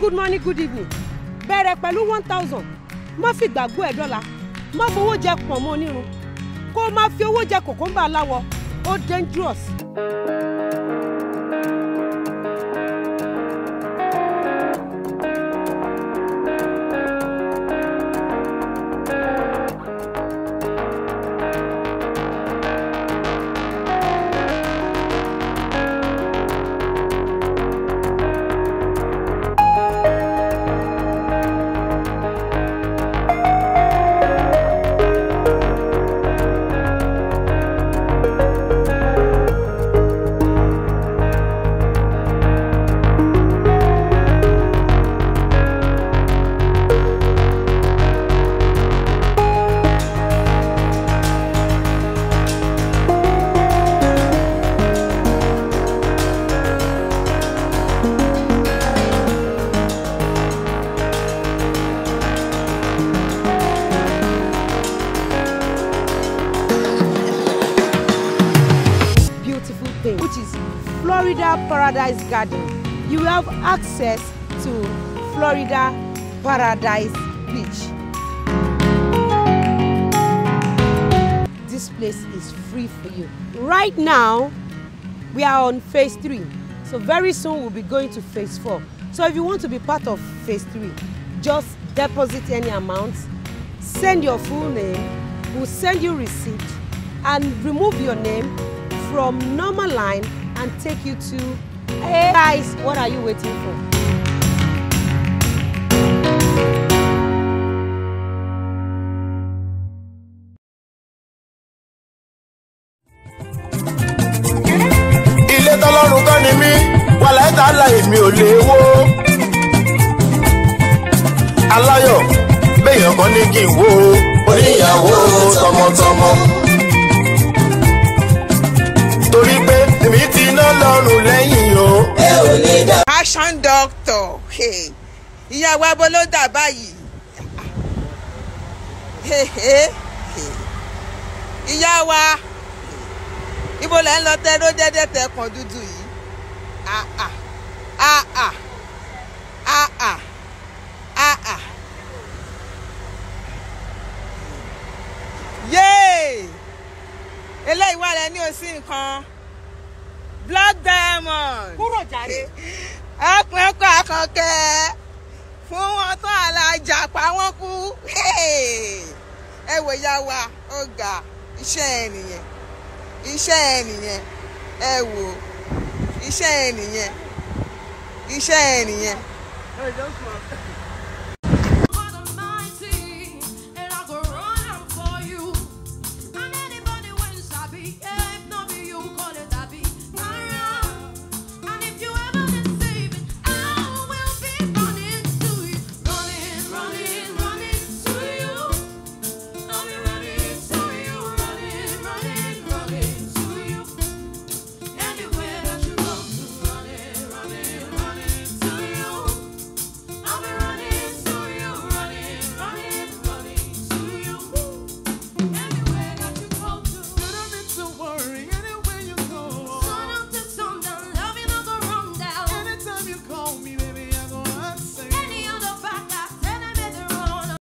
good morning good evening bẹ̀rẹ̀ pẹ̀lú one thousand má fi gbàgbọ́ ẹ̀ dọ́là má fowó jẹ pọ̀nmọ́ onírun kó o má fi owó jẹ kòkóńbà aláwọ̀ ó dangerous. Florida Paradise Garden. You have access to Florida Paradise Beach. This place is free for you. Right now, we are on phase three. So very soon we'll be going to phase four. So if you want to be part of phase three, just deposit any amount, send your full name, we'll send you receipt and remove your name from normal line and take you to hey guys what are you waiting for. ilé ò lè wó. aláyọ̀ béèyàn kan ní kí n wó. oníyàwó tọmọtọmọ. operation doctor ìyá wa bó ló dà báyìí ìyá wa ibo lẹ́ ń lọ tẹ́ ló dẹ́dẹ́ tẹ kàn dúdú yìí àà àà àà àà yéè eléyìí wà lẹ́ ní òsì nǹkan. Blood Diamond. kúrò jàre. ẹkùn ẹkọ àkànkẹ́ fún wọn tán alájà pa wọ́n kú. ẹ wò ya wa ó ga iṣẹ́ ẹ nìyẹn iṣẹ́ ẹ nìyẹn ẹ wò iṣẹ́ ẹ nìyẹn iṣẹ́ ẹ